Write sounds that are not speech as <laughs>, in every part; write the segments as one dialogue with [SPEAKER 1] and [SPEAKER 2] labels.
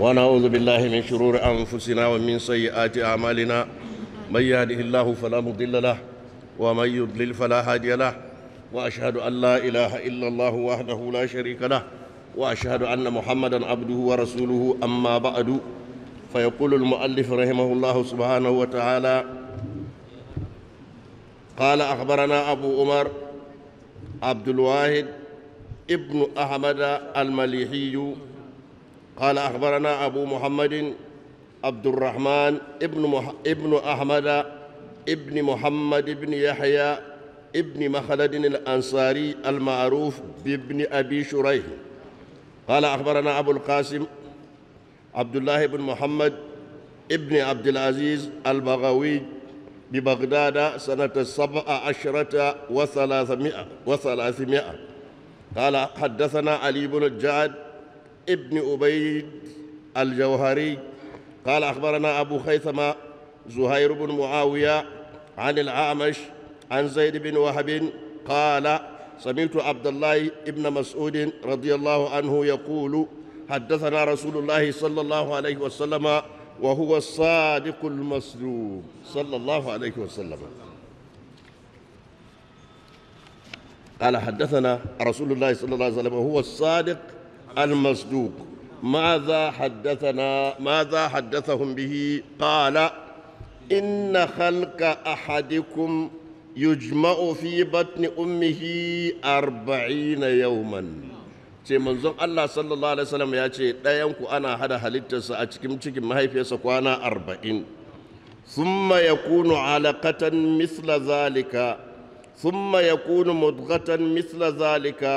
[SPEAKER 1] ونعوذ بالله من شرور أنفسنا ومن سيئات أعمالنا من يهده الله فلا مضل له ومن يضلل فلا هادي له وأشهد أن لا إله إلا الله وحده لا شريك له وأشهد أن محمدا عبده ورسوله أما بعد فيقول المؤلف رحمه الله سبحانه وتعالى قال أخبرنا أبو عمر عبد الواحد ابن أحمد المليحي قال أخبرنا أبو محمد عبد الرحمن ابن, مح... ابن أحمد ابن محمد بن يحيى ابن مخلد الأنصاري المعروف بابن أبي شريح قال أخبرنا أبو القاسم عبد الله بن محمد ابن عبد العزيز البغوي ببغداد سنة سبع عشرة وثلاثمائة, وثلاثمائة قال حدثنا علي بن الجعد ابن أبيد الجوهري قال أخبرنا أبو خيثمة زهير بن معاوية عن الأعمش عن زيد بن وهب قال سمعت عبد الله بن مسعود رضي الله عنه يقول حدثنا رسول الله صلى الله عليه وسلم وهو الصادق المصدوق صلى الله عليه وسلم قال حدثنا رسول الله صلى الله عليه وسلم وهو الصادق المصدوق ماذا حدثنا ماذا حدثهم به قال إن خلق أحدكم يجمع في بطن أمه أربعين يوما ce manzon Allah sallallahu alaihi wasallam ya ce ɗayanku ana hada halittarsa a cikin cikin mahaifiyarsa kwana arba'in thumma yakunu alaqatan misla zalika thumma yakunu mudghatan misla zalika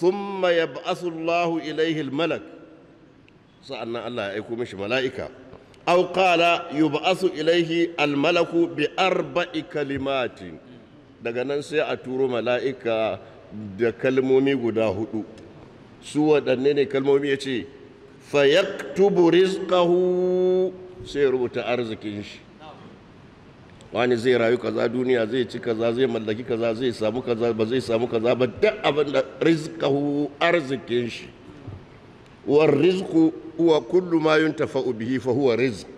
[SPEAKER 1] summa yab'asullahu Allahu ilayhi al-malak sa'annan Allah ya aiko mishi mala'ika aukala qala ilaihi almalaku bi arba'i kalimatin daga nan sai a turo mala'ika da kalmomi guda huɗu su waɗanne ne kalmomi ya ce fayaktubu rizqahu sai rubuta arzikin shi wani zai rayu kaza duniya zai ci kaza zai mallaki kaza zai samu kaza ba zai samu kaza ba duk abin da rizqahu arzikin shi wa rizqu huwa kullu ma yuntafa'u bihi fa huwa rizq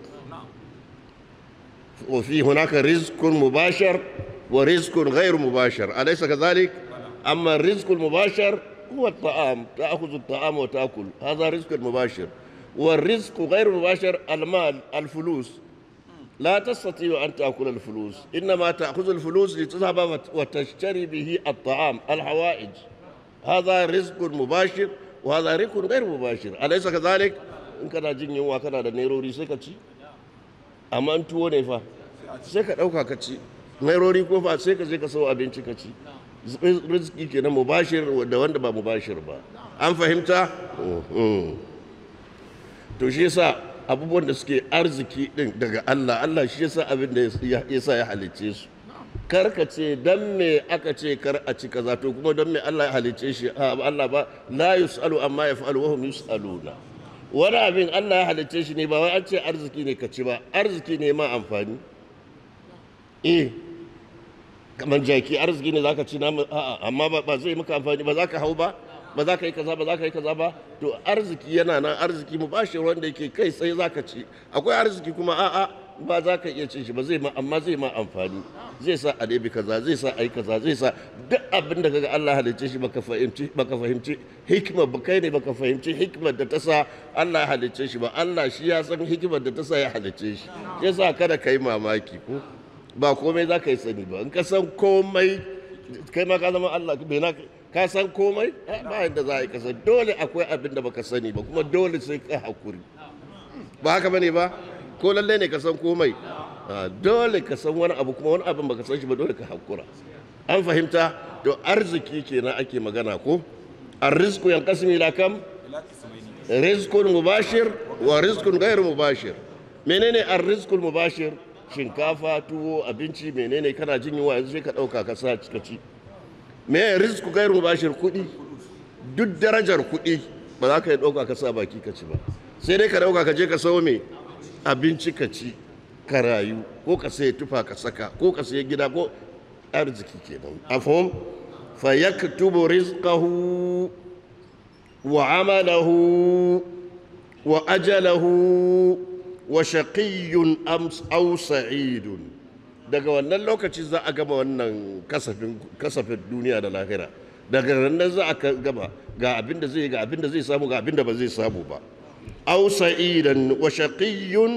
[SPEAKER 1] wa fi hunaka rizqun mubashir wa rizqun ghayr mubashir alaysa kadhalik amma rizqul mubashir هو الطعام تأخذ الطعام وتأكل هذا رزق مباشر والرزق غير مباشر المال الفلوس La tassata wa anta a kullum Fulusi. In nama ta Kudu Fulusi za ba wa tashar bihi a ta'am Alhawa, Eji. Wa zan rikun mu wa zare kun gair mu bashir. A laifuka zane, in kana jin yunwa kana da nairori sai ka ci. Amantua ne fa sai ka ɗauka ka ci. Nairori kofa sai kaje ka samu abinci ka ci. Rizki kenan mu bashir da wanda ba mu bashir ba. An fahimta? To shi sa. abubuwan da suke arziki din daga Allah Allah shi yasa abin da yasa ya halicce su kar ka ce dan me aka ce kar a ci kaza to kuma dan me Allah ya halicce shi Allah ba la yusalu amma yaf'alu wa hum yusaluna wani abin Allah ya halicce shi ne ba wai an ce arziki ne ka ci ba arziki ne ma amfani eh kamar jaki arziki ne zaka ci na amma ba zai maka amfani ba zaka hau ba ba za ka yi kaza ba za ka yi kaza ba to arziki yana nan arziki mu ba shi wanda yake kai sai za ka ci akwai arziki kuma a'a ba za ka iya cin shi ba zai ma amma zai ma amfani zai sa a ɗebi kaza zai sa a yi kaza zai sa duk abin da kaga Allah halicce shi baka fahimci baka fahimci hikima ba kai ne baka fahimci hikimar da ta sa Allah halicce shi ba Allah shi ya san hikimar da ta sa ya halicce shi Ya sa kada ka yi mamaki ko ba komai za ka yi sani ba in ka san komai kai ma ka zama Allah bai na ka san komai eh, ba yadda za a yi kasa dole akwai abin da baka sani ba kuma dole sai ka hakuri ba haka bane ba ko lalle ne ka san komai ah, dole ka san wani abu kuma wani abin baka san shi ba dole ka hakura an fahimta to arziki kenan ake magana ko yan kasmi la kam rizkun mubashir wa rizkun gairu mubashir menene arzikul mubashir shinkafa tuwo abinci menene kana jin yunwa yanzu sai ka dauka ka sa ka ci me risku gairu bashir kuɗi duk darajar kuɗi ba za ka yi ɗauka ka sa baki ka ci ba sai dai ka ɗauka ka je ka sawo me abinci ka ci ka rayu ko ka sai tufa ka saka ko ka sai gida ko arziki kenan afhum fa yaktubu rizqahu wa amalahu wa ajalahu wa shaqiyyun am aw sa'idun daga wannan lokaci za a gama wannan kasafin duniya da lahira daga nan za a gama ga abin da zai ga abin da zai samu ga abin da ba zai samu ba Au sa'idan wa shaqiyyun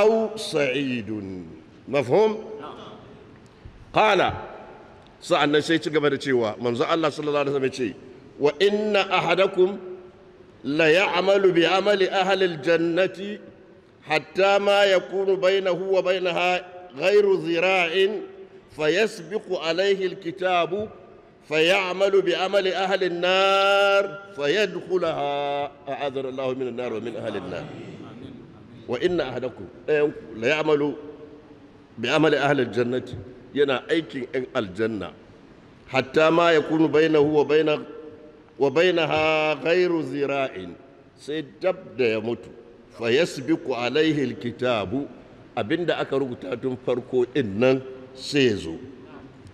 [SPEAKER 1] Au sa'idun mafhum qala sa'annan sai ci gaba da cewa manzo Allah sallallahu alaihi wasallam ce wa inna ahadakum la ya'malu bi amali ahli al-jannati hatta ma yakunu bainahu wa bainaha غير ذراع فيسبق عليه الكتاب فيعمل بعمل أهل النار فيدخلها أعاذنا الله من النار ومن أهل النار وإن أهلكم ليعمل بعمل أهل الجنة ينا أيكين الجنة حتى ما يكون بينه وبين وبينها غير ذراع سيدب يموت فيسبق عليه الكتاب abinda aka rubuta tun farko din nan sai ya zo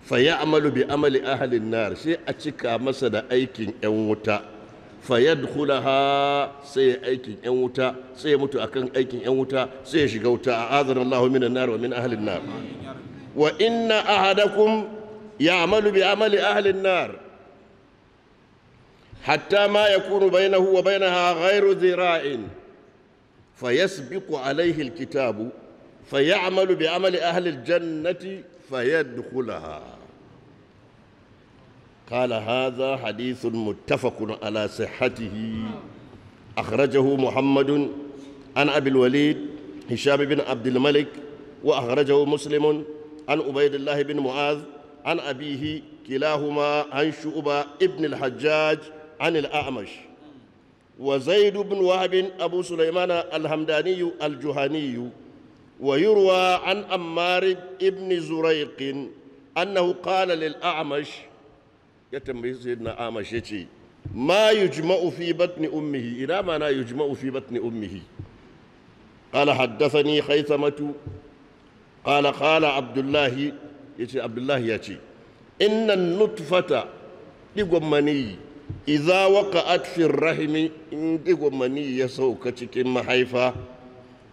[SPEAKER 1] fa ya amalu bi amali ahalin nar sai a cika masa da aikin yan wuta fa yadkhulaha sai aikin yan wuta sai ya mutu akan aikin yan wuta sai ya shiga wuta A a'adana Allahu minan nar wa min ahalin nar wa inna ahadakum ya'malu bi amali ahalin nar ma ya حتى ما يكون بينه وبينها غير ذراع فيسبق عليه الكتاب فيعمل بعمل أهل الجنة فيدخلها قال هذا حديث متفق على صحته أخرجه محمد عن أبي الوليد هشام بن عبد الملك وأخرجه مسلم عن عبيد الله بن معاذ عن أبيه كلاهما عن شعبة ابن الحجاج عن الأعمش وزيد بن وهب أبو سليمان الهمداني الجهني ويروى عن أمار ابن زريق أنه قال للأعمش يتم سيدنا أعمش يتي ما يجمع في بطن أمه إلى ما لا يجمع في بطن أمه قال حدثني خيثمة قال قال عبد الله يتي عبد الله يتي إن النطفة دقمني إذا وقعت في الرحم إن دقمني يسوك تكن محيفة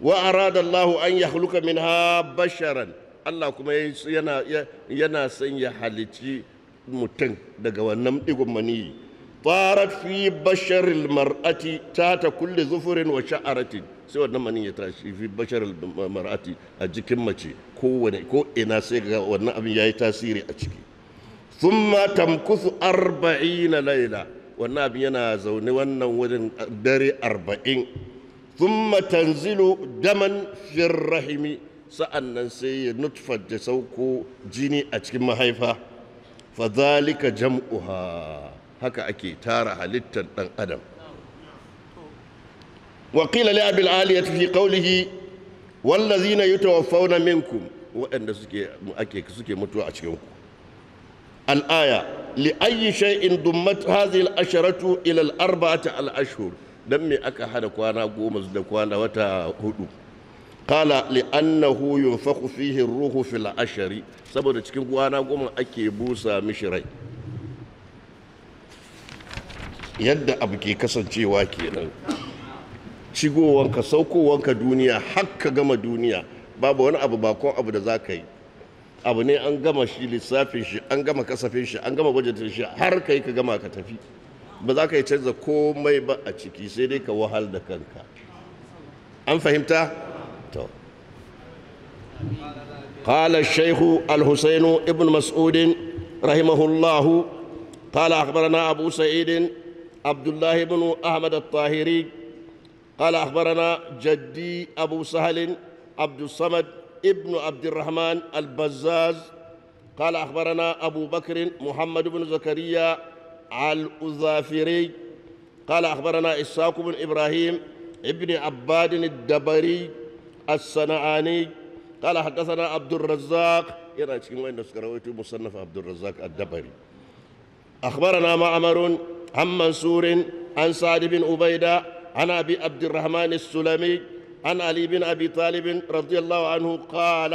[SPEAKER 1] wa arada Allahu an min ha basharan Allah kuma yana san ya halici mutum daga wannan digon maniyi tarat fi basharil mar'ati tata kulle zufurin wa sha'aratin sai wannan maniyi ya tashi fi basharil mar'ati a jikin mace Ko wani ko ina sai ga wannan abin yayi tasiri a ciki thumma tamkuthu 40 laila wannan abin yana zaune wannan wajen dare arba'in. thumma tanzilu daman fir rahimi sa'annan sai ya nutfa da sauko jini a cikin mahaifa fa zalika jam'uha haka ake tara halittar dan adam wa qila li abil aliyati fi qawlihi wallazina yatawaffawna minkum waɗanda suke ake suke mutuwa a cikin ku al aya li ayyi shay'in dummat hadhihi al asharatu ila al arba'ati al ashhur dan me aka hada kwana goma da kwana wata hudu kala li annahu yunfakhu fihi ruhu fil ashari saboda cikin kwana goma ake busa mishi rai yadda abu ke kasancewa kenan cigowanka saukowanka duniya hakka gama duniya babu wani abu bakon abu da za ka yi abu ne an gama shi lissafin shi an gama kasafin shi an gama bajetin shi har kai ka gama ka tafi ba za ka yi canza komai ba a ciki sai dai ka wahal da kanka an fahimta? to qala shaihu al ibn mas'udin rahimahullahu qala akhbarana abu sa'idin abdullahi ibn ahmad al-tahiri akhbarana jaddi abu sahalin عبد الصمد ابن عبد الرحمن البزاز قال أخبرنا أبو بكر محمد الأزافري قال أخبرنا إسحاق بن إبراهيم ابن عباد الدبري الصنعاني قال حدثنا عبد الرزاق يرى cikin wanda suka rawaito musannaf Abdul Razzaq Ad-Dabari أخبرنا معمر عن منصور عن سعد بن عبيدة عن أبي عبد الرحمن السلمي عن علي بن أبي طالب رضي الله عنه قال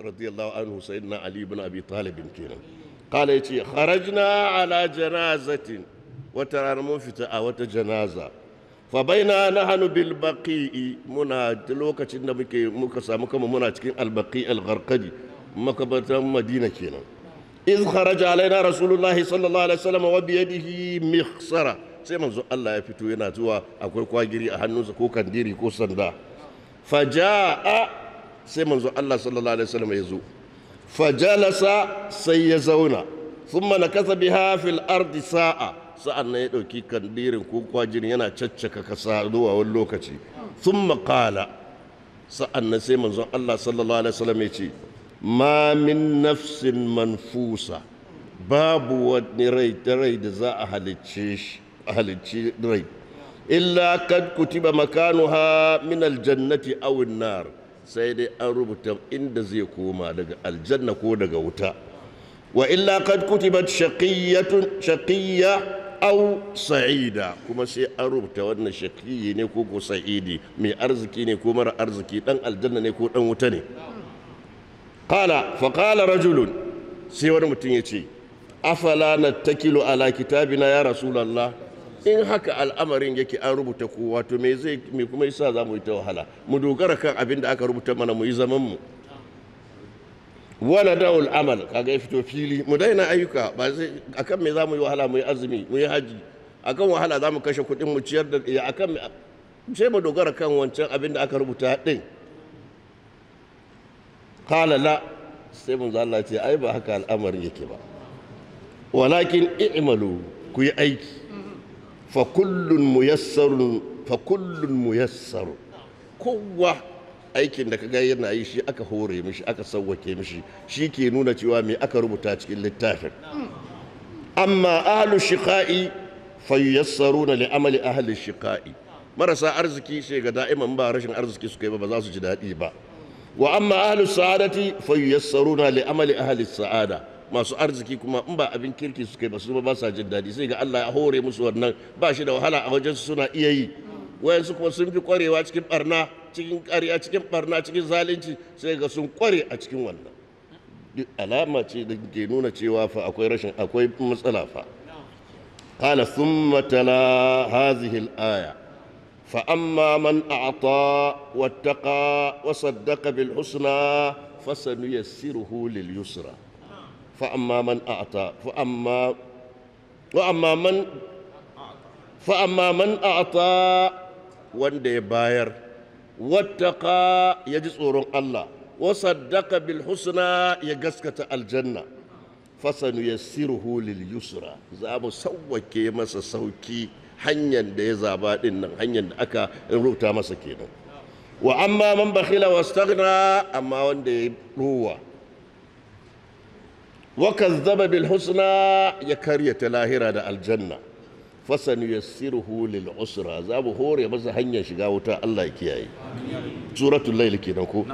[SPEAKER 1] رضي الله عنه سيدنا علي بن أبي طالب كنا kala ya ce harajina ala janazatin wata ranar mun fita a wata janaza fa baina na hannu bilbaki muna lokacin da muke muka samu kama muna cikin albaki algarkadi makabatan madina kenan iz haraja alaina rasulullahi sallallahu alaihi wasallam wa bi yadihi mihsara sai manzo Allah ya fito yana zuwa akwai kwagiri a hannunsa ko kandiri ko sanda fa jaa sai manzo Allah sallallahu alaihi wasallam ya zo fajalasa sai ya zauna thumma kasa bi hafil ardi sa'a sa'an ya ɗauki kandirin ko kwajin yana caccaka kasa zuwa wani lokaci Sun qala sa'an nan sai manzon Allah sallallahu alaihi wasallam ya ce ma min nafsin manfusa babu wani rai ta rai da za a halicce shi a halicci rai illa kad kutiba makanuha min aljannati aw an-nar sai dai an rubuta inda zai koma daga aljanna ko daga wuta wa illa kad kutibat shaqiyyatun shaqiyya aw sa'ida kuma sai an rubuta wannan shaqiyi ne ko sa'idi mai arziki ne ko mara arziki dan aljanna ne ko dan wuta ne qala fa qala rajulun sai wani mutum yace afala nattakilu ala kitabina ya rasulullah in haka al'amarin yake an rubuta kowa to me zai me kuma yasa za mu yi ta wahala mu dogara kan abin da aka rubuta mana mu yi zaman mu wala da'ul amal kaga ya fito fili mu daina ayyuka ba sai akan me za mu yi wahala mu yi azumi mu yi haji akan wahala za mu kashe kuɗin mu ciyar da ya akan sai mu dogara kan wancan abin da aka rubuta din qala la sai mun zalla ce ai ba haka al'amarin yake ba walakin i'malu ku yi aiki fa kullun muyassarun fa kullun kowa aikin da kaga yana yi shi aka hore mishi aka sauwake mishi shi ke nuna cewa me aka rubuta cikin littafin amma ahlu shiqa'i fayassaruna li amali ahli shiqa'i marasa arziki sai ga da'iman ba rashin arziki suka yi ba za su ji daɗi ba wa amma ahlu sa'adati fayassaruna li amali ahli sa'ada masu arziki kuma in ba abin kirki suka yi ba su ba sa jin daɗi sai ga Allah ya hore musu wannan ba shi da wahala a wajen suna iya yi wayansu kuma sun fi kwarewa cikin barna cikin ƙarya cikin barna cikin zalunci sai ga sun kware a cikin wannan alama ce da ke nuna cewa fa akwai rashin akwai matsala fa قال ثم تلا هذه الآية فأما من أعطى واتقى وصدق بالحسنى فسنيسره لليسرى فأما من أعطى فأما وأما من فأما من أعطى وندي باير واتقى يجسور الله وصدق بالحسنى يجسكة الجنة فسنيسره لليسرى زاب سوكي مس سوكي hanyar da ya zaba din nan hanyar da aka rubuta masa kenan wa amma man bakhila wastaghna amma wanda ya ruwa wa kazzaba bil ya karya ta lahira da aljanna fasan yassiruhu lil usra za mu hore masa hanyar shiga wuta Allah ya kiyaye suratul layl kenan ko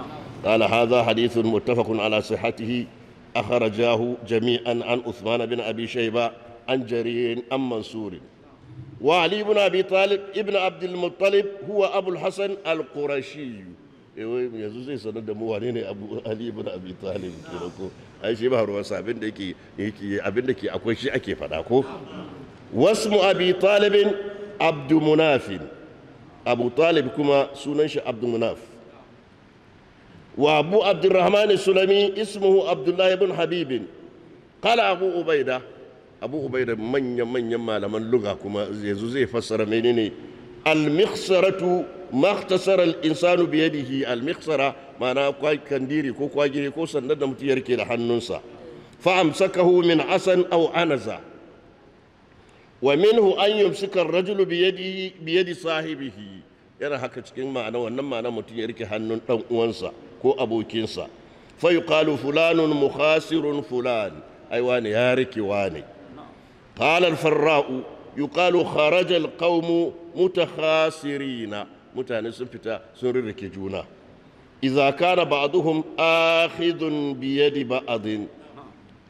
[SPEAKER 1] qala hadha hadithun muttafaqun ala sihhatihi akhrajahu jami'an an Uthman bin Abi an وعلي بن أبي طالب ابن عبد المطلب هو أبو الحسن القرشي yanzu zai sanar da mu wane ne abu ali ibn abi talib kenan ko ai shi ba ruwansa abin da yake abin da ke akwai shi ake faɗa ko Wasu mu abi talibin abdu abu talib kuma sunan shi abdu munaf wa abu abdurrahman sulami ismuhu abdullah ibn habibin Kala abu ubaida abu ubaida manyan manyan malaman luga kuma yanzu zai fassara menene al-mikhsaratu makhtasar al-insanu bi yadihi al ma'ana kwai kandiri ko kwagire ko sandar da mutum yarke da hannunsa fa amsakahu min asan aw anaza wa minhu an yumsika ar-rajulu bi sahibihi yana haka cikin ma'ana wannan ma'ana mutum ya rike hannun dan uwansa ko abokinsa fa yuqalu fulanun mukhasirun fulan ai ya rike wani qala farrau yuqalu kharaja al-qawmu mutane sun fita sun rirrike juna Iza kana ba'dhum akhidun bi yadi ba'dhin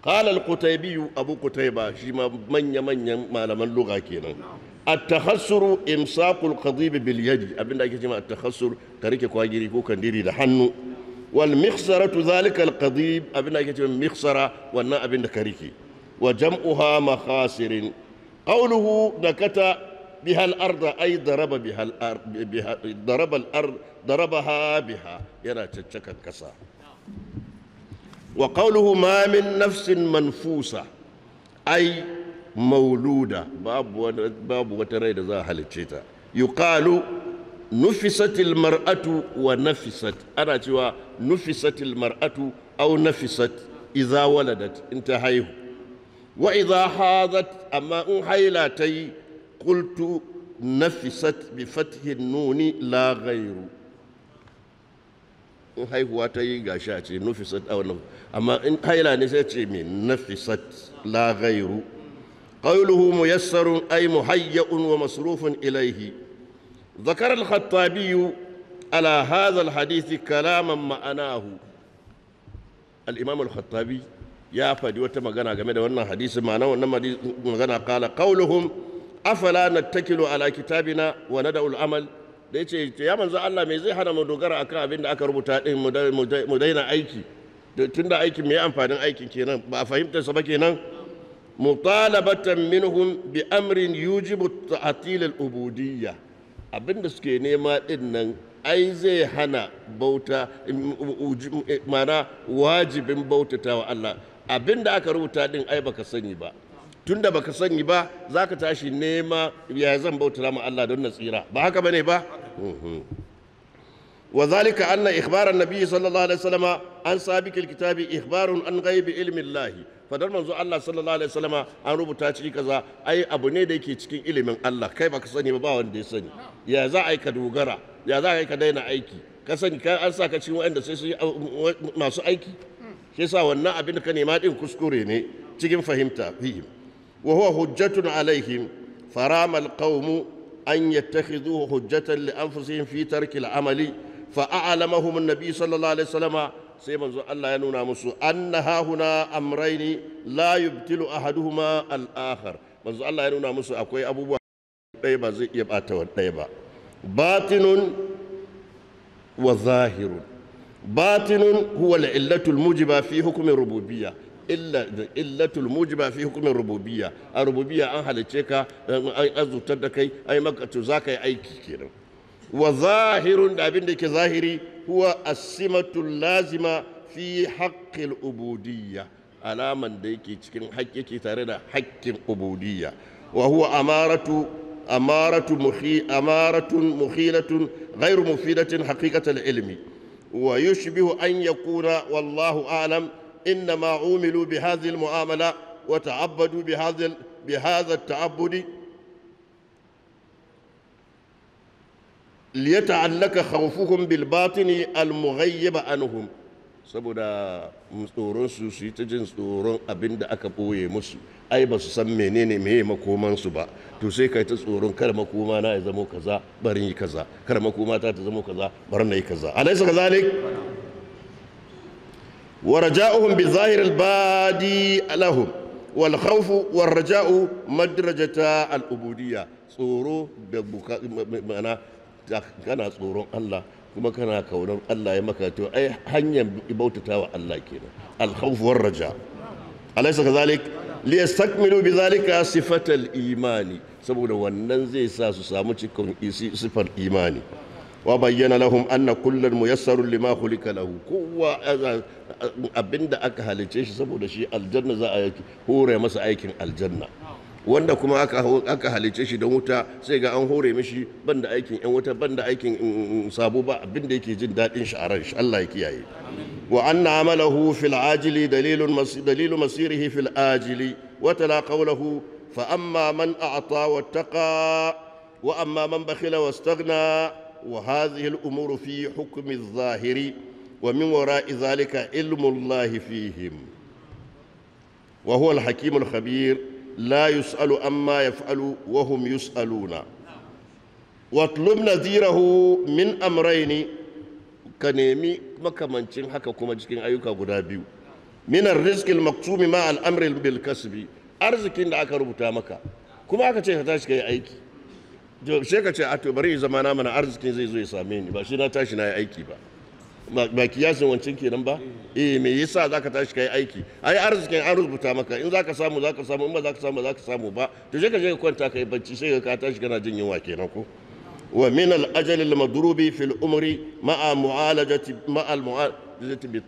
[SPEAKER 1] qala al-qutaybi abu qutayba shi ma manya manya malaman lugha kenan التخسر امساك القضيب باليد ابن ake cewa التخسر kwa kwagiri ko kandiri da hannu wal mikhsaratu zalika al qadib abin ake cewa mikhsara wannan abin da karike wa jam'uha makhasirin qawluhu nakata بها الأرض أي ضرب بها الأرض بها ضرب الأرض ضربها بها يرى تشكا كسا وقوله ما من نفس منفوسة أي مولودة باب باب وتريد ذا هلتشيتا يقال نفست المرأة ونفست أنا توا نفست المرأة أو نفست إذا ولدت انتهيه وإذا حاضت أما أن حيلاتي قلت نفست بفتح النون لا غير in haihuwa ta yi gashi ce nufisat a amma in haila ne sai ce mai nafisat la ghairu qawluhu muyassarun ay muhayya'un wa masrufun ilayhi ذكر الخطابي على هذا الحديث كلاما معناه الإمام الخطابي يا فدي وتمغنا game da wannan hadisi ma'ana wannan magana kala qawluhum afala nattakilu ala kitabina wa nada'ul amal da yace ya manzo Allah me zai hana mu dogara akan abin da aka rubuta din mu daina aiki tunda aikin mai amfanin aikin kenan ba a fahimta sa ba kenan mutalabatan minhum bi amrin yujibu ta'til al-ubudiyya abinda suke nema din nan ai zai hana bauta mana e, wajibin bautata wa Allah abinda aka rubuta ɗin, ai baka sani ba tunda baka sani ba zaka tashi nema ya zan bauta ma Allah don na tsira ba haka bane ba وذلك أن إخبار النبي صلى الله عليه وسلم an سابق الكتاب إخبار an غيب علم الله fadar manzo Allah sallallahu alaihi wasallama an rubuta ciki kaza ai abu ne da yake cikin ilimin Allah kai baka sani ba ba wanda ya sani ya za a ka dogara ya za a ka daina aiki ka sani ka an sa ka cikin wanda sai su masu aiki shi yasa wannan abin da ka nema din kuskure ne cikin fahimta fihim وهو حجة عليهم فرام القوم أن يتخذوه حجة لأنفسهم في ترك العمل فأعلمهم النبي صلى الله عليه وسلم سيما الله ينونا مسو أن ها هنا أمرين لا يبتل أحدهما الآخر من الله ينونا مسو أكوي أبو ɗaya zai iya ɓata wa ɗaya ba batinun wa zahirun batinun huwa la'illatul mujiba fi hukumin rububiyya illatul mujiba fi hukumin rububiyya a rububiyya an halice ka an azutar da kai ai maka za ka yi aiki kenan wa zahirun da abin da ke zahiri huwa asimatul lazima fi haqqil ubudiyya alaman da yake cikin haƙƙi tare da haƙƙin ubudiyya wa huwa amaratu amaratu muhi amaratun muhilatun ghairu mufidatin haqiqatal ilmi wa yushbihu an yakuna wallahu a'lam إنما عوملوا بهذه المعاملة وتعبدوا بهذا بهذا التعبد ليتعلق خوفهم بالباطن almurayyaba عنهم saboda tsoron su su yi ta jin tsoron abin da aka boye musu ai ba su san menene meye makomansu ba to sai kai ta tsoron kar makoma na ya zamo kaza barin yi kaza kar makoma ta ta zamo kaza barin na yi kaza alaisa kaza ne ورجاؤهم بالظاهر البادي لهم والخوف والرجاء مدرجة الأبودية tsoro da mana kana tsoron Allah kuma kana kaunar Allah ya maka to ai hanyar bautatawa Allah kenan al-khawf war raja alaysa kadhalik li yastakmilu bidhalika sifatal imani saboda wannan zai sa su samu cikon sifar imani wa bayyana lahum anna kullal muyassarun lima khuliqa lahu kowa abinda aka halice shi saboda shi aljanna za a yake hore masa aikin aljanna wanda kuma aka aka halice shi don wuta sai ga an hore mishi banda aikin yan wuta banda aikin sabo ba abinda yake jin daɗin shi a ran shi Allah ya kiyaye wa anna amalahu fil ajili dalilun dalilu masirihi fil ajili wa tala qawluhu fa amma man a'ta wattaqa wa amma man bakhila wastaghna وهذه الأمور في حكم الظاهر ومن وراء ذلك علم الله فيهم وهو الحكيم الخبير لا يسأل عما يفعل وهم يسألون واطلب نذيره من أمرين كنيمي makamancin haka kuma cikin ayyuka guda biyu minar rizqil maktumi ma al'amri bil arzikin da aka rubuta maka kuma aka ce ka tashi kai aiki sai ka ce a to bari zama na mana arzikin zai zo ya same ni ba shi na tashi na yi aiki ba ba kiyasin wancan kenan ba eh me yasa zaka tashi kai aiki ai arzikin an rubuta maka in zaka samu zaka samu in ba zaka samu zaka samu ba to sai ka je ka kwanta kai bacci sai ka tashi kana jin yunwa kenan ko wa min al ajal al madrubi fil umri ma'a mu'alajati ma'a al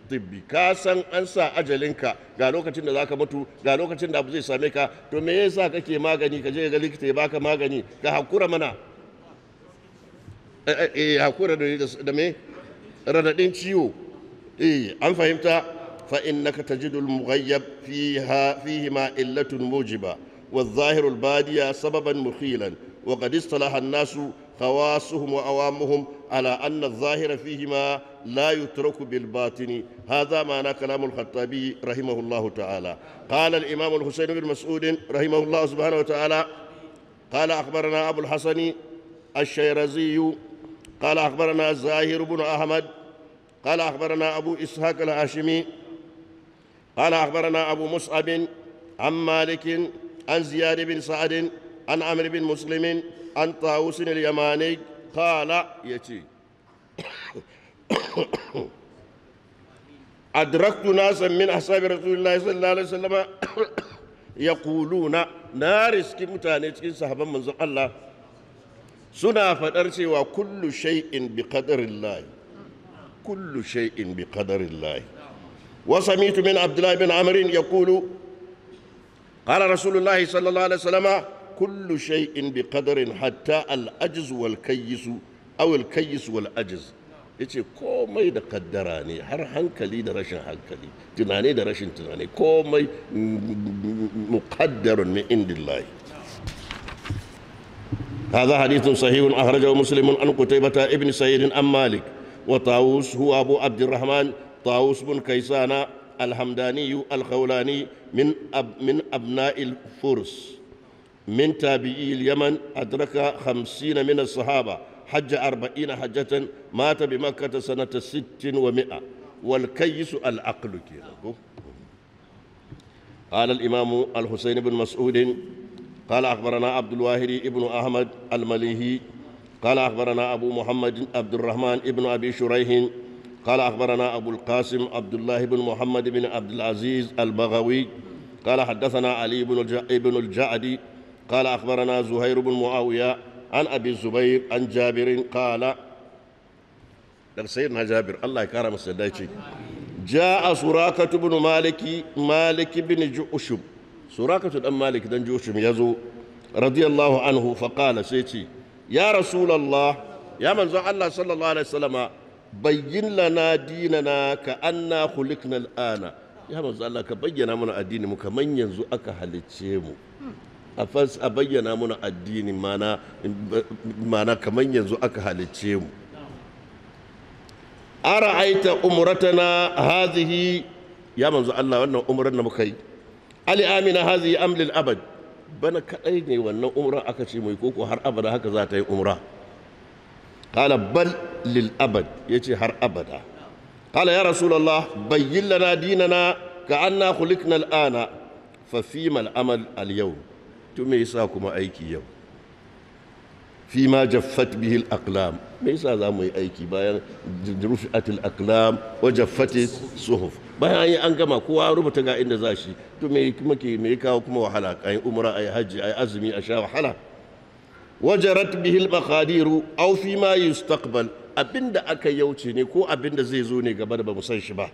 [SPEAKER 1] tibbi ka san an sa ajalinka ga lokacin da zaka mutu ga lokacin da abu zai same ka to me yasa kake magani ka je ga likita ya baka magani ka hakura mana eh, eh, eh hakura da me radadin ciwo eh an fahimta fa innaka tajidul mughayyab fiha fihi ma illatun mujiba والظاهر البادية سببا مخيلا وقد اصطلح الناس خواصهم وأوامهم على أن الظاهر فيهما لا يترك بالباطن هذا معنى كلام الخطابي رحمه الله تعالى قال الإمام الحسين بن مسعود رحمه الله سبحانه وتعالى قال أخبرنا أبو الحسن الشيرزي قال أخبرنا الزاهر بن أحمد قال أخبرنا أبو إسحاق الهاشمي قال أخبرنا أبو مصعب عن مالك عن زياد بن سعد عن عمرو بن مسلم an tawus al-yamani qala yace adraktu nasan min ashabi sallallahu alaihi wasallam na riski mutane cikin sahaban manzon Allah suna faɗar cewa kullu shay'in bi qadarillah kullu shay'in bi qadarillah wa sami'tu min abdullah bin amr yaqulu qala rasulullahi sallallahu alaihi wasallam كل شيء بقدر حتى الأجز والكيس أو الكيس والأجز يجي komai da kaddara ne har hankali da rashin hankali tunani da rashin tunani komai muqaddarun min indillahi هذا حديث صحيح أخرجه مسلم عن قتيبة ابن سعيد أم مالك وطاووس هو أبو عبد الرحمن طاووس بن كيسان الحمداني الخولاني من أب من أبناء الفرس من تابعي اليمن أدرك خمسين من الصحابة حج أربعين حجة مات بمكة سنة ست ومئة والكيس العقل قال الإمام الحسين بن مسعود قال أخبرنا عبد الواهري ابن أحمد المليهي قال أخبرنا أبو محمد عبد الرحمن ابن أبي شريح قال أخبرنا أبو القاسم عبد الله بن محمد بن عبد العزيز البغوي قال حدثنا علي بن الجعدي قال أخبرنا زهير بن معاوية عن أبي الزبير عن جابر قال سيدنا جابر الله يكرم سيدنا جاء سراقة بن مالك مالك بن جؤشم سراقة بن مالك بن جؤشم يزو رضي الله عنه فقال سيتي يا رسول الله يا من الله صلى الله عليه وسلم بين لنا ديننا كأننا خلقنا الآن يا من الله كبين من الدين مكمن ينزو أكهل تشيمو a bayyana muna addini mana kamar yanzu aka halicce mu ara'aita umratana hazihi ya manzo Allah wannan umrar da muka yi ali amina hazihi amlil abad bana kadai ne wannan umra aka ce mai koko har abada haka za ta yi umra Kala bal lil abad yace har abada Kala ya rasulallah bayyin lana dinana ka anna khuliqna ana fa fima al amal al yawm Tun me yasa kuma aiki yau fi ma jaffat bihil aqlam me sa za mu yi aiki bayan atil aqlam wa jaffati suhuf bayan an yi an gama kowa rubuta ga inda za shi to me kuma ke me kawo kuma wahala kai umra ai haji ai azumi a sha wahala wajarat bihil makadiru au fi ma yustaqbal abinda aka yauce ne ko abinda zai zo ne gaba da bamu san shi ba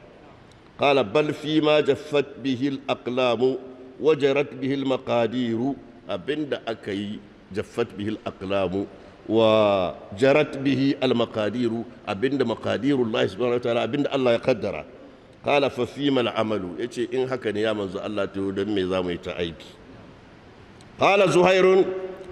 [SPEAKER 1] qala bal fi ma jaffat bihil aqlamu wajarat bihil maqadiru abinda aka yi jaffat bihi al-aqlamu wa jarat bihi al-maqadiru abinda maqadiru Allah subhanahu wa ta'ala abinda Allah ya kaddara qala fa fima amalu yace in haka ne ya manzo Allah to dan me zamu yi ta aiki qala zuhairun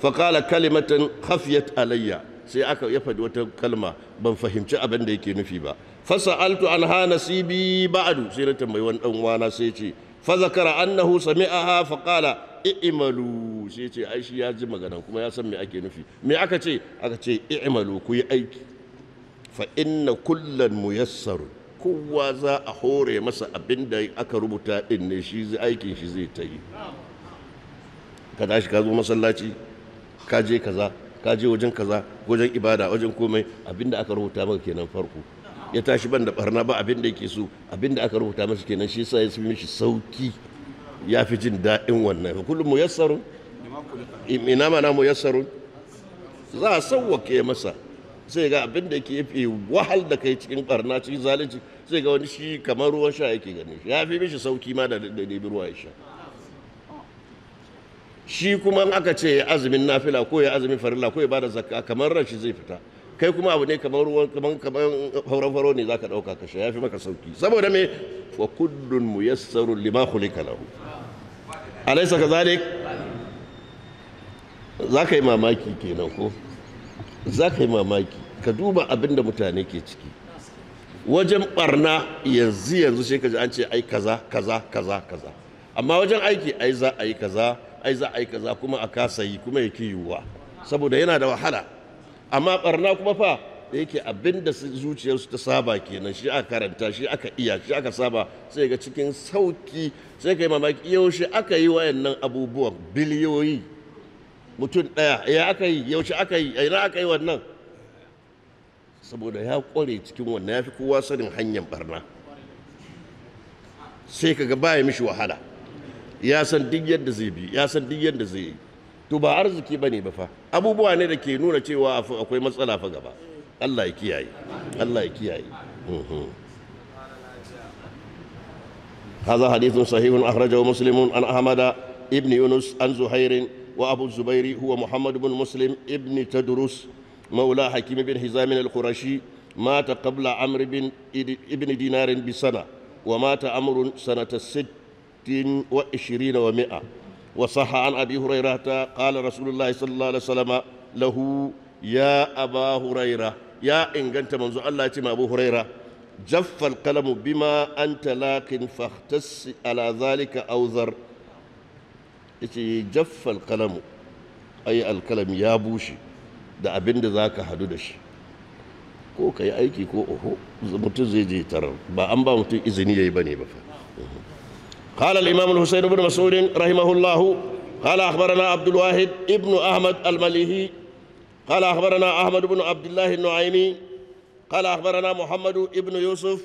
[SPEAKER 1] fa qala kalimatan khafiyat alayya sai aka ya faɗi wata kalma ban fahimci abin da yake nufi ba Fasa an ha nasibi ba'du sai na tambayi wani dan uwana sai ce fa zakara annahu sami'aha fa qala i'malu sai ce ai ya ji magana kuma ya san me ake nufi me aka ce aka ce i'malu ku yi aiki fa inna kullan muyassaru kowa za a hore masa abin da aka rubuta din ne shi aikin shi zai ta yi ka tashi ka zo masallaci ka je kaza ka je wajen kaza wajen ibada wajen komai abin da aka rubuta maka kenan farko ya tashi ban da barna ba abin da yake so abin da aka rubuta masa kenan shi sa ya fi mishi sauki ya fi jin daɗin wannan kullum muyassarun ina mana muyassarun za a sauwake masa sai ga abin da ke fi wahal da kai cikin barna cikin zalunci sai ga wani shi kamar ruwan sha yake gani ya fi mishi sauki ma da ɗabi ruwa ya sha shi kuma aka ce ya azumin nafila ko ya azumin farilla ko ya bada zakka kamar ran shi zai fita kai kuma abu ne kamar ruwan kamar kamar faro ne zaka dauka ka sha fi maka sauki saboda me wa kullun muyassarun lima khuliqa lahu alaisa ka zalik za ka yi mamaki kenan ko za ka yi mamaki ka duba abin da mutane ke ciki wajen barna yanzu yanzu sai ka ji an ce ai kaza kaza kaza kaza amma wajen aiki ai za a yi kaza ai za a yi kaza kuma a kasa yi kuma yake yiwuwa saboda yana da wahala amma barna kuma fa da yake abin da zuciyarsu ta saba kenan shi aka karanta shi aka iya shi aka saba sai ga cikin sauki sai ka yi mamaki yaushe aka yi wayannan abubuwan biliyoyi mutum ɗaya ya aka yi yaushe aka yi ina aka yi wannan saboda ya kware cikin wannan ya fi kowa sanin hanyar barna sai ka ga baya mishi wahala ya san duk yadda zai bi ya san duk yadda zai yi to ba arziki ba ne ba fa abubuwa ne da ke nuna cewa akwai matsala fa gaba Allah ya kiyaye Allah ya kiyaye هذا حديث صحيح أخرجه مسلم عن أحمد ابن يونس عن زهير وأبو الزبير هو محمد بن مسلم ابن تدرس مولى حكيم بن حزام القرشي مات قبل عمرو بن ابن دينار بسنة ومات عمرو سنة ست وعشرين ومائة وصح عن أبي هريرة قال رسول الله صلى الله عليه وسلم له يا أبا هريرة ya inganta manzo Allah ya ce ma Abu Huraira jaffa qalamu bima anta lakin fahtas ala zalika awzar yace jaffa qalamu ai al-qalam ya bushe da abin da zaka hadu da shi ko kai aiki ko oho mutum zai je tarar ba an ba mutum izini yayi bane ba fa قال الإمام الحسين بن مسعود رحمه الله قال أخبرنا عبد الواحد ابن أحمد المليهي قال أخبرنا أحمد بن عبد الله النعيمي قال أخبرنا محمد بن يوسف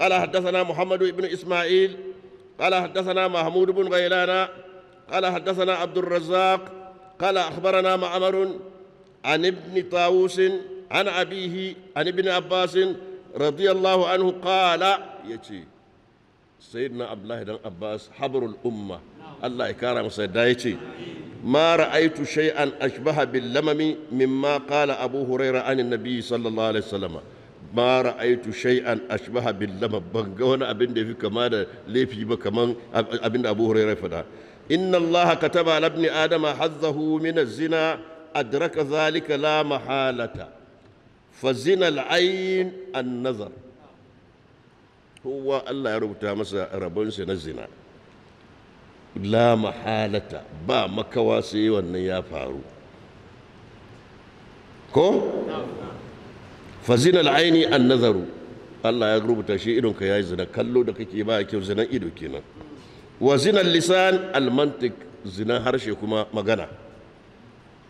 [SPEAKER 1] قال حدثنا محمد بن إسماعيل قال حدثنا محمود بن غيلان قال حدثنا عبد الرزاق قال أخبرنا معمر عن ابن طاووس عن أبيه عن ابن عباس رضي الله عنه قال يتي سيدنا عبد الله بن عباس حبر الأمة Allah ya kara masa da ya ce ma ra'aitu shay'an ashbaha bil lamami mimma qala abu huraira an annabi sallallahu alaihi wasallam ma ra'aitu shay'an ashbaha bil lamam ban ga wani abin da yafi kama da laifi ba kaman abin da abu huraira faɗa inna allaha kataba ala ibni adama hazzahu min az-zina adraka zalika la mahalata fa zina al-ayn an-nazar kowa Allah ya rubuta masa rabonsa na zina la mahalata ba makawa sai wannan ya faru ko fazina al'aini an nazaru Allah ya rubuta shi idonka ya yi zina kallo da kake ba kyau zina ido kenan wa zina lisan almantik zina harshe kuma magana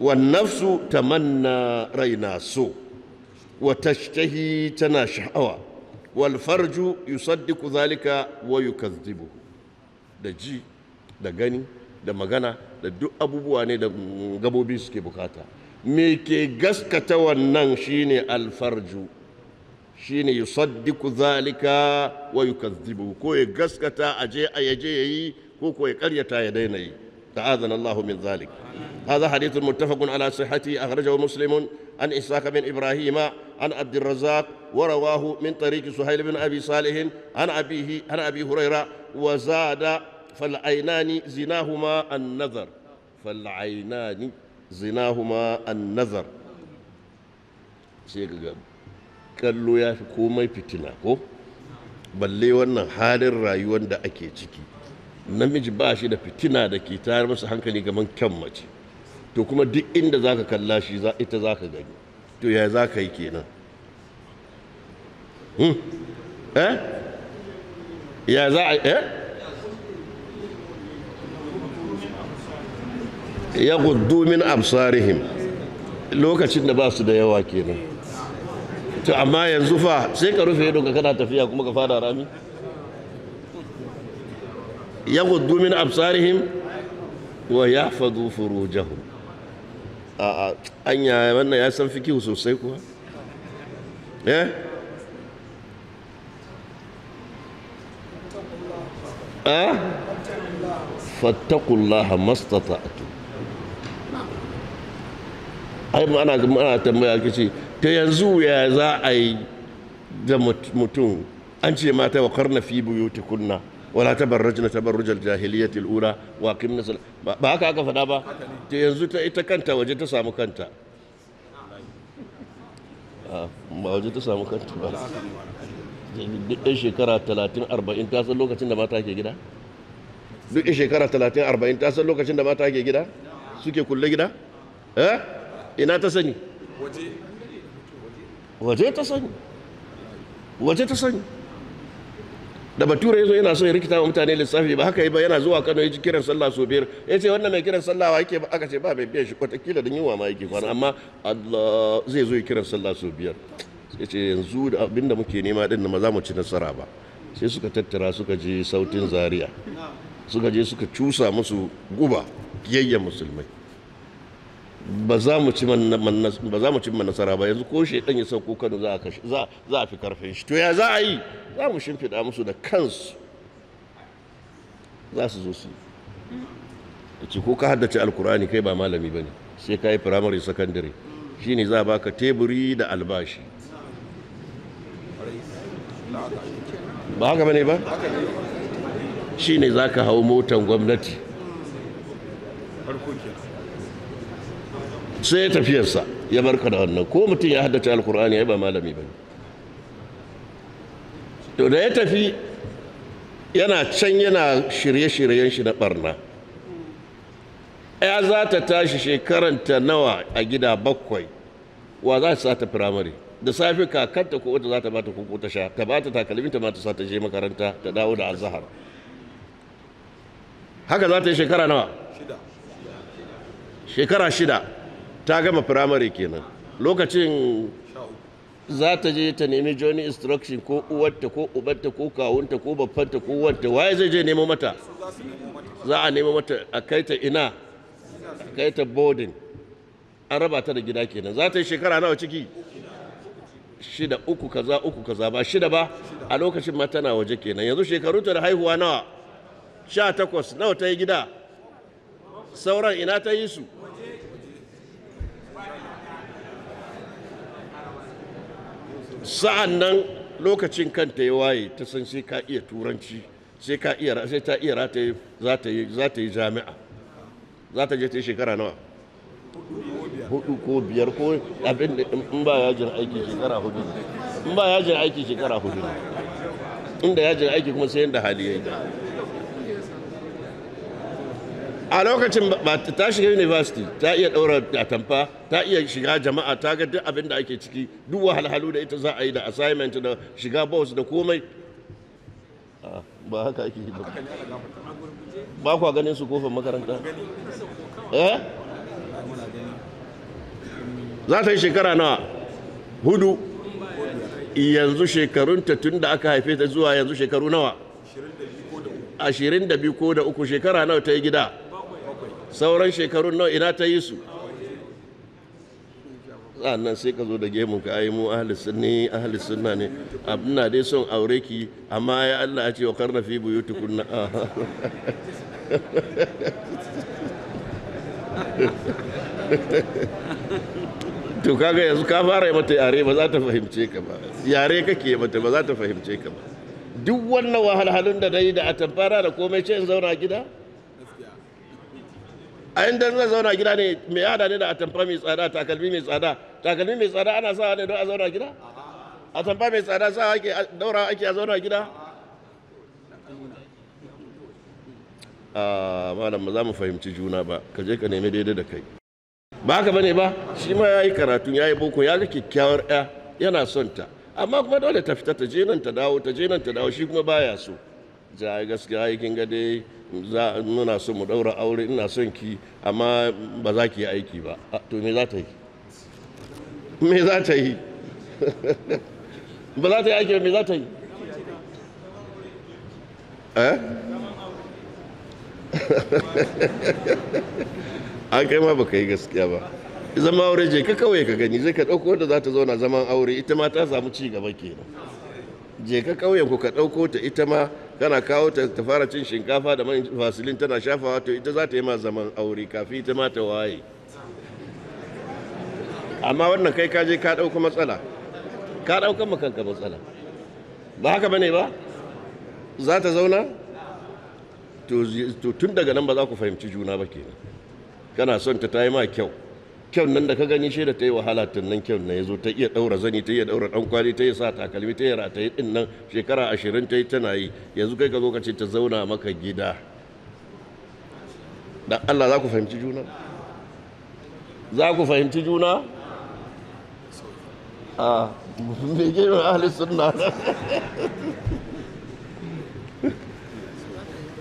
[SPEAKER 1] wa nafsu tamanna raina so wa tashtahi tana sha'awa wal farju yusaddiqu zalika wa yukazzibu da ji da gani da magana da duk abubuwa ne da gabobi suke bukata me ke gaskata wannan shine alfarju shine yusaddiku zalika wa yukazzibu ko ya gaskata aje a yayi ko ko ya karyata ya daina yi ta'azana Allahu min zalik هذا حديث متفق على صحته أخرجه مسلم عن إسحاق بن إبراهيم عن عبد الرزاق ورواه من طريق سهيل بن أبي صالح عن أبيه عن أبي هريرة وزاد فالعينان زناهما النظر فالعينان زناهما النظر sai ga kallo ya fi komai fitina ko balle wannan halin rayuwar da ake ciki namiji ba shi da fitina da ke tayar masa hankali gaban kyan mace to kuma duk inda zaka kalla shi ita zaka gani to ya zaka yi kenan ya za a eh ya min absarihim lokacin da ba su da yawa kenan to amma yanzu fa sai ka rufe ka kana tafiya kuma ka fada rami ya min absarihim wa ya fadu furujahum a anya wannan ya san fi kihu sosai kuwa eh ah? fattakullaha mastata'tu ai ana ana tambaya kace ta yanzu ya za a yi da mutum an ce mata wa karna fi kunna? wala tabarrajna tabarrujal jahiliyatil ula wa sal ba haka aka faɗa ba ta yanzu ta ita kanta waje ta samu kanta ah, ba waje ta samu kanta ba duk ɗan shekara talatin arba'in ta san lokacin da mata ke gida duk ɗan shekara talatin arba'in ta san lokacin da mata ke gida suke kulle gida eh ina ta sani waje ta sani waje ta sani da bature yazo yana so ya rikita mutane lissafi ba haka ba yana zuwa Kano ya yaji kiran sallah so biyar yace wannan mai kiran sallah wa yake aka ce ba mai biyan shi kwatakila don yunwa ma yake kwana amma Allah zai zo ya kiran sallah so biyar ce yanzu da abinda muke nema din ma maza mu ci nasara ba sai suka tattara suka je sautin zaria suka je suka cusa musu guba yayyan musulmai ba za mu ci nasara ba yanzu ko shi ya sauko kano za a fi karfin shi to ya za a yi za mu shimfiɗa musu da kansu za su zo su ce ko ka haddace alkurani kai ba malami ba ne sai ka yi firamare sakandare shi ne za a baka teburi da albashi ba haka ba ne ba shi ne za ka hau motan gwamnati sai ya tafiyarsa ya barka da wannan ko mutum ya haddace alkur'ani ya ba malami ba to da ya tafi yana can yana shirye-shiryen shi na barna ya za ta tashi shekaranta nawa a gida bakwai wa za ta sata firamare da safe kakanta ko wata za ta bata kuku ta sha ta bata takalmin ta ma ta sa ta je makaranta ta dawo da alzahar. haka za ta yi shekara nawa shekara shida ta gama firamare kenan lokacin za ta je ta nemi joni instruction ko uwarta ko ubarta ko kawunta ko babbanta ko wanta waye zai je nemo mata za a nemo mata a kai ta ina a kai ta boarding an raba ta da gida kenan za ta yi shekara nawa ciki shida uku kaza uku kaza ba shida ba a lokacin ma tana waje kenan yanzu shekaru ta da haihuwa nawa sha takwas nawa ta yi gida sauran ina ta yi su sa'an nan lokacin kanta ya waye ta san sai ka iya turanci sai ka iya sai ta iya za ta yi za ta yi jami'a za ta je ta yi shekara nawa hudu ko biyar ko abin da in ba yajin aiki shekara hudu in ba yajin aiki shekara hudu ne inda yajin aiki kuma sai yanda hali ya yi a lokacin ba ta shiga university ta iya ɗaura atamfa ta iya shiga jama'a ta ga duk abin da ake ciki duk wahalhalu da ita za a yi da assignment da shiga boss da komai ba haka ake yi ba ba kwa ganin su kofin makaranta eh za ta yi shekara nawa hudu yanzu shekarunta tun da aka haife ta zuwa yanzu shekaru nawa ashirin da biyu ko da uku shekara nawa ta yi gida sauran shekarun nawa ina ta yi su nan sai ka zo da gemun ka yi mu ahli sunni ahli sunna ne abuna dai son aure ki amma ya Allah ya ce wa karna fi buyutukunna <laughs> to kaga yanzu ka fara mata yare ba za ta fahimce ka ba yare kake mata ba za ta fahimce ka ba duk wannan wahalhalun da dai da a tamfara da komai ce in zauna gida a inda zan zauna gida ne mai yada ne da atamfa mai tsada takalmi mai tsada takalmi mai tsada ana sa ne don a zauna gida atamfa mai tsada sa ake daura ake a zauna gida a ah, malam ba za mu fahimci juna ba ka je ka nemi daidai da kai ba haka bane ba shi ma ya yi karatu ya yi boko ya ga kyakkyawar ya yana son ta amma kuma dole ta fita ta je nan ta dawo ta je nan ta dawo shi kuma baya so ja gaskiya kin ga dai za muna so mu daura aure ina son ki amma ba za ki yi aiki ba to me za ta yi me za ta yi <laughs> ba za ta yi aiki ba me za ta yi eh an <laughs> kai ma ba yi gaskiya ba zama aure je ka kawai ka gani zai ka dauko da za ta zauna zaman aure ita ma ta samu ci gaba kenan je ka kauyen ku ka dauko ta ita ma kana kawo ta ta fara cin shinkafa da man vasilin tana shafawa to ita za ta yi ma zaman aure kafi ita ma ta waye amma wannan kai ka je ka ɗauka matsala ka ɗauka makanka matsala ba haka bane ba za ta zauna to tun daga nan ba za ku fahimci juna ba kenan kana son ta ta yi ma kyau Kyau nan da ka gani shi da ta yi wahala nan kyau nan ya zo ta iya ɗaura zani ta iya ɗaura ɗan kwali ta iya sa takalmi ta iya rataye din nan shekara ashirin ta yi tana yi yanzu kai ka zo ka ce ta zauna maka gida da Allah za ku fahimci juna za ku fahimci juna a me gina ahli sunna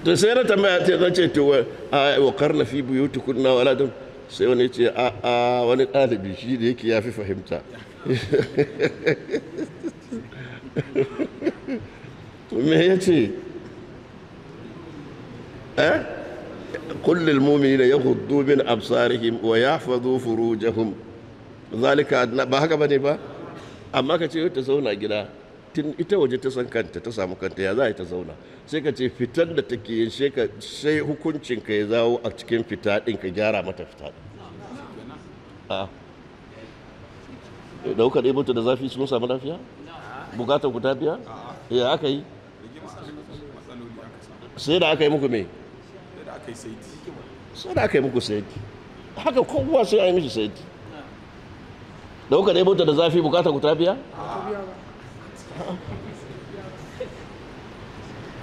[SPEAKER 1] to sai na tambaya ta ce to wa karna fi buyutukunna wala dam sai wani ce a a wani ɗalibi shi da yake ya fi fahimta <laughs> to me ya ce eh kullum da ya hudu bin absarihim wa ya furu furujahum zalika ba haka ba ne ba amma ka ce ta zauna gida tun ita waje ta san kanta ta samu kanta ya za ta zauna sai ka ce fitar da take yin sai hukuncin ka ya zawo a cikin fita ɗin ka gyara mata fita da kuka ɗaya mutu da zafi sun samu lafiya bukatar ku ta biya ya aka yi sai da aka yi muku me sai da aka yi muku sai haka kowa sai a yi mishi sai da kuka ɗaya da zafi bukatar ku ta biya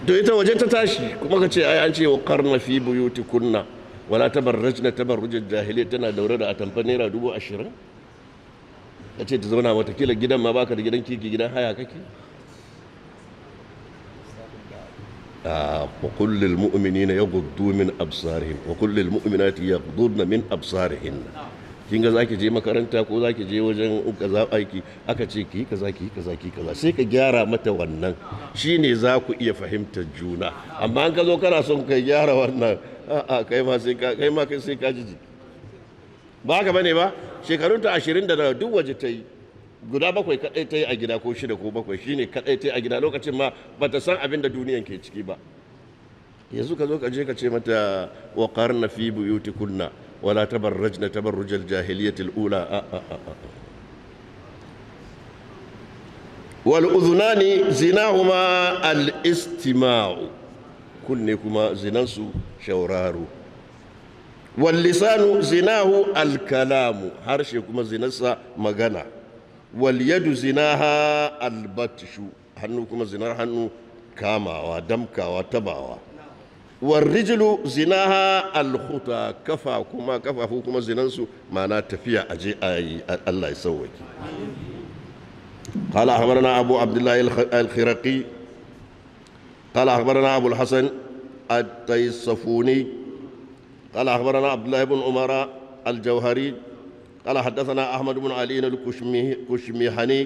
[SPEAKER 1] To ita waje ta tashi kuma ka ce ai an ce wa karna fi buyuti kunna wala tabarrajna tabarrujal jahiliya tana daure da atamfa naira dubu ashirin ka ce ta zauna watakila gidan ma baka da gidan kiki gidan haya kake ah, wa kullil mu'minina yaghuddu min absarihim wa kullil mu'minati yaghudduna min absarihinna kin ga zaki je makaranta ko zaki je wajen kaza aiki aka ce ki kaza ki kaza ki kaza sai ka gyara mata wannan shine za ku iya fahimtar juna amma an ka zo kana son ka gyara wannan a'a kai ma sai ka kai ma kai sai ka ji ba ka bane ba shekarun ta 20 da duk waje ta yi guda bakwai kadai ta yi a gida ko shida ko bakwai shine kadai ta yi a gida lokacin ma bata san abin da duniyan ke ciki ba yanzu ka zo ka je ka ce mata wa qarna fi buyutikunna ولا تبرجن تبرج الجاهلية الأولى آآ آآ آآ والأذنان زناهما الاستماع كنكما زنانس شورار واللسان زناه الكلام هرشكما زنس مغنى واليد زناها البتش هنكما زنار هنو كاماوا دمكاوا تباوا warrijilu zina ha alhuta kuma kafafu kuma zinansu ma tafiya a je a yi allah ya sauwaki kala a na abu abdullahi alkhiraki kala a na abu hassan a taisafuni na abdullahi bin umara aljauhari kala haddasa na ahmadu bin ali na kushmihani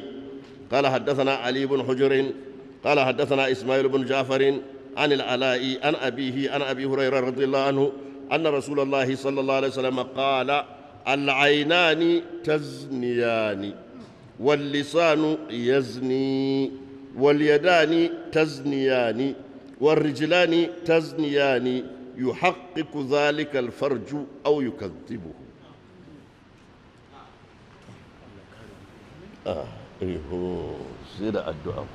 [SPEAKER 1] kala haddasa na ali bin hujurin kala haddasa na ismail bin jafarin عن العلاء عن أبيه عن أبي هريرة رضي الله عنه أن رسول الله صلى الله عليه وسلم قال العينان تزنيان واللسان يزني واليدان تزنيان والرجلان تزنيان يحقق ذلك الفرج أو يكذبه آه. إيه. سيدة الدعاء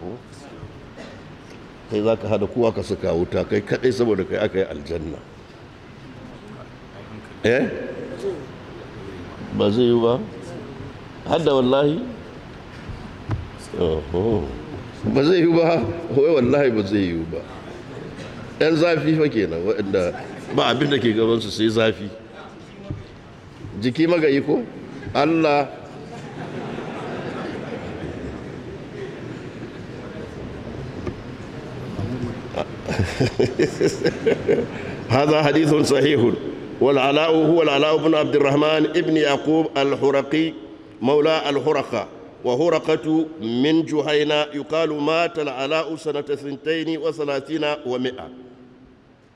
[SPEAKER 1] kai za ka hada kowa ka saka wuta kai kadai saboda kai aka yi aljanna eh ba zai yi ba hadda wallahi ba zai yi ba wai wallahi ba zai yi ba yan zafi fa kenan waɗanda ba abin da ke gabansu sai zafi jiki magayi ko allah <laughs> هذا حديث صحيح والعلاء هو العلاء بن عبد الرحمن ابن يعقوب الحرقي مولى الحرقة وهرقة من جهينة يقال مات العلاء سنة ثنتين وثلاثين ومئة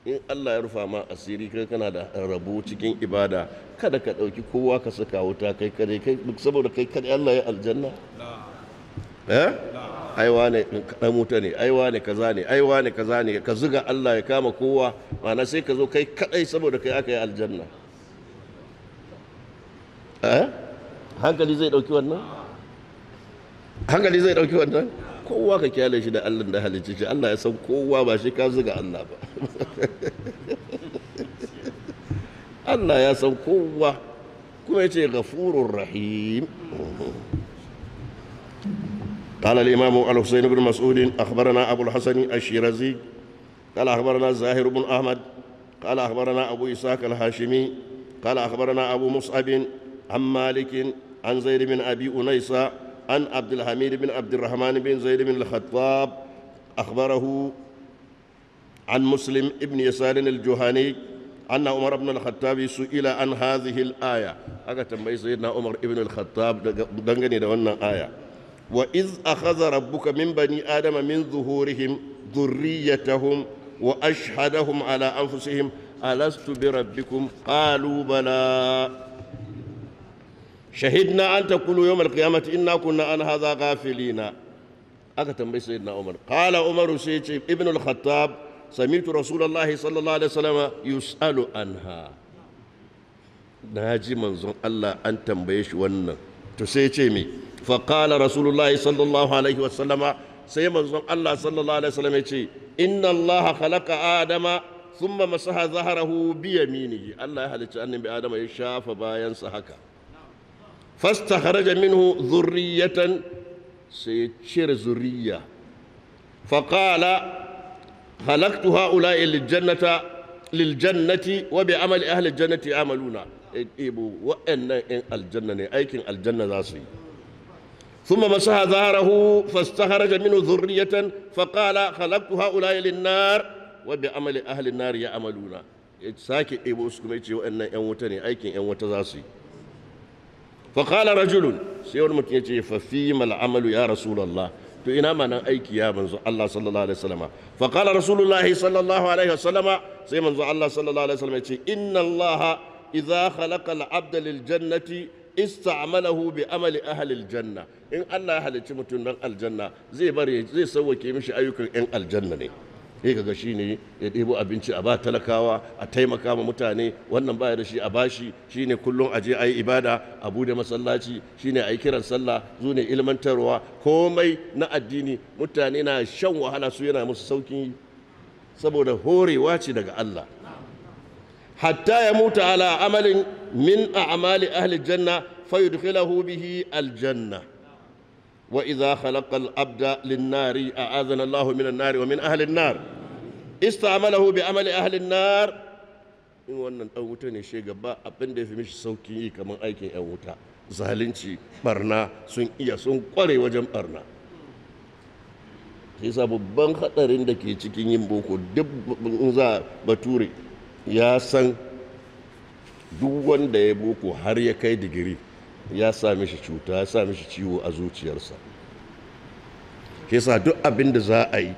[SPEAKER 1] in Allah ya rufa ma asiri kai kana da rabo cikin ibada kada ka ɗauki kowa ka saka wuta kai kare kai saboda kai kare Allah ya aljanna eh aiwa ne kaɗan wuta ne aiwa ne kaza ne aiwa ne kaza ne ka zuga Allah ya kama kowa ma'ana sai ka zo kai kaɗai saboda kai aka yi aljanna eh? hankali zai ɗauki wannan hankali zai ɗauki wannan kowa ka kyale shi da Allah da halicci shi Allah ya san kowa ba shi ka zuga Allah ba <laughs> Allah ya san kowa kuma ya ce ghafurur rahim قال الإمام الحسين بن مسعود أخبرنا أبو الحسن الشيرازي قال أخبرنا زاهر بن أحمد قال أخبرنا أبو إسحاق الهاشمي قال أخبرنا أبو مصعب عن مالك عن زيد بن أبي أنيسة عن عبد الحميد بن عبد الرحمن بن زيد بن الخطاب أخبره عن مسلم بن يسار الجهني أن عمر بن الخطاب سئل عن هذه الآية أكتم سيدنا عمر بن الخطاب دنجني دون آية wa iz akhadha rabbuka min bani adama min zuhurihim dhurriyyatahum wa ashhadahum ala anfusihim alastu bi rabbikum qalu bala shahidna an taqulu yawm al-qiyamati inna kunna an hadha ghafilina aka tambayi sayyidina umar qala umaru sai ce ibn al-khattab samitu rasulullahi sallallahu alaihi wasallam manzon Allah an tambaye shi wannan to sai ce me فقال رسول الله صلى الله عليه وسلم سيما الله صلى الله عليه وسلم إن الله خلق آدم ثم مسح ظهره بيمينه الله يهلك أن بآدم يشاف باين سحكا فاستخرج منه ذرية سيتشير ذرية فقال خلقت هؤلاء للجنة للجنة وبعمل أهل الجنة يعملون إيبو وإن الجنة أيكن الجنة ذاسي ثم مسح ظهره فاستخرج منه ذرية فقال خلقت هؤلاء للنار وبعمل أهل النار يعملون ساكي إبو أسكميتي وأن أنوتني أيكي أنوتزاسي فقال رجل سيور متيتي ففيما العمل يا رسول الله to ina ma nan aiki ya manzo sai manzo yace inna Allah idza khalaqa lil jannati ista'malahu bi amali ahli janna in Allah halicci mutum dan aljanna zai bari zai sauwake mishi ayyukan yan aljanna ne ga kaga shine ya ɗebo abinci a ba talakawa a taimaka ma mutane wannan ba da shi a bashi shi ne kullum a je a yi ibada a bude masallaci shine ayi kiran sallah zu ne ilmantarwa komai na addini mutane na shan wahala su yana musu saukin saboda horewa ce daga Allah hatta ya mutu ala amalin min a'mali ahli janna fayudkhilahu bihi aljanna wa idza khalaqa al-abda nari a'azana Allahu min an ahli an-nar ista'malahu bi amali ahli nar in wannan dan ne shi gaba abin da ya fi mishi saukin yi kamar aikin yan wuta zalunci barna sun iya sun kware wajen barna sa babban hadarin da ke cikin yin boko duk in za bature ya san duk wanda ya boko har ya kai digiri ya sa mishi cuta ya sa mishi ciwo a zuciyarsa ke sa duk abin da za a yi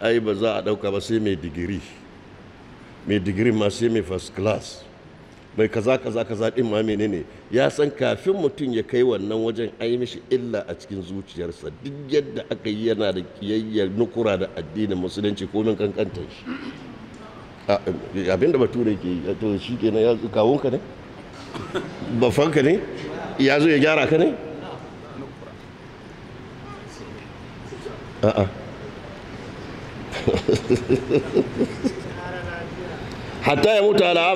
[SPEAKER 1] ai ba za a ɗauka ba sai mai digiri mai digiri ma sai mai first class mai kaza kaza kaza din ma menene ya san kafin mutum ya kai wannan wajen ai mishi illa a cikin zuciyarsa duk yadda aka yi yana da kiyayyar nukura da addinin musulunci ko min kankantar shi abin da bature ke to shi ke ya kawon ka ne bafan ne ya ya gyara ka ne a'a
[SPEAKER 2] <laughs>
[SPEAKER 1] ya mutu ala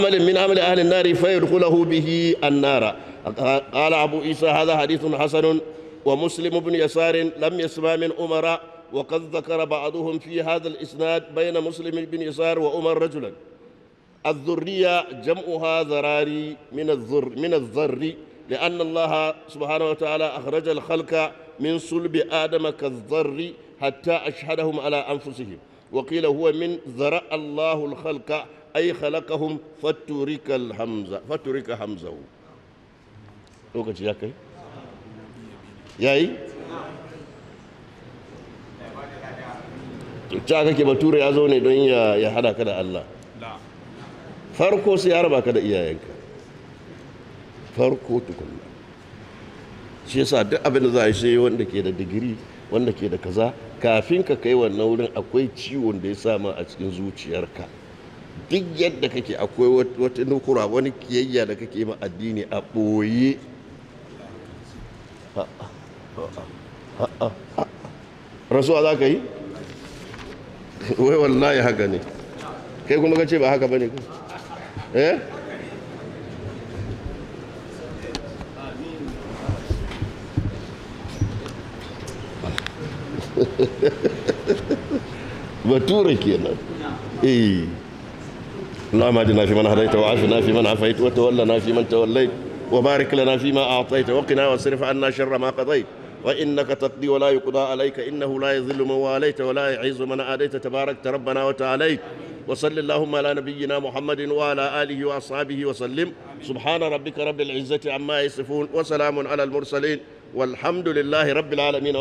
[SPEAKER 1] min amalin ahlin nari fa yadkhuluhu bihi annara qala abu isa hadha hadithun hasanun wa muslim ibn yasarin lam yasma min umara وقد ذكر بعضهم في هذا الإسناد بين مسلم بن يسار وعمر رجلا الذرية جمعها ذراري من الذر من الذر لأن الله سبحانه وتعالى أخرج الخلق من صلب آدم كالذر حتى أشهدهم على أنفسهم وقيل هو من ذرأ الله الخلق أي خلقهم فترك الهمزة فترك همزه لوكتي يا كي ياي ta kake bature ya zo ne don ya hada ka da Allah farko sai ya raba ka da iyayenka farko tukunna shi yasa duk abin da za a yi sai wanda ke da digiri wanda ke da kaza kafin ka kai wannan wurin akwai ciwon da ya sama a cikin zuciyarka duk yadda kake akwai wata nukura wani kiyayya da kake ma addini a ɓoye rasuwa za ka yi wai wallahi haka ne kai kuma ce ba haka ba ne eh? <laughs> bature kenan eh lama ji وإنك تقضي ولا يقضى عليك إنه لا يذل من واليت ولا يعز من آديت تبارك ربنا وتعاليت وصل اللهم على نبينا محمد وعلى آله وأصحابه وسلم سبحان ربك رب العزة عما يصفون وسلام على المرسلين والحمد لله رب العالمين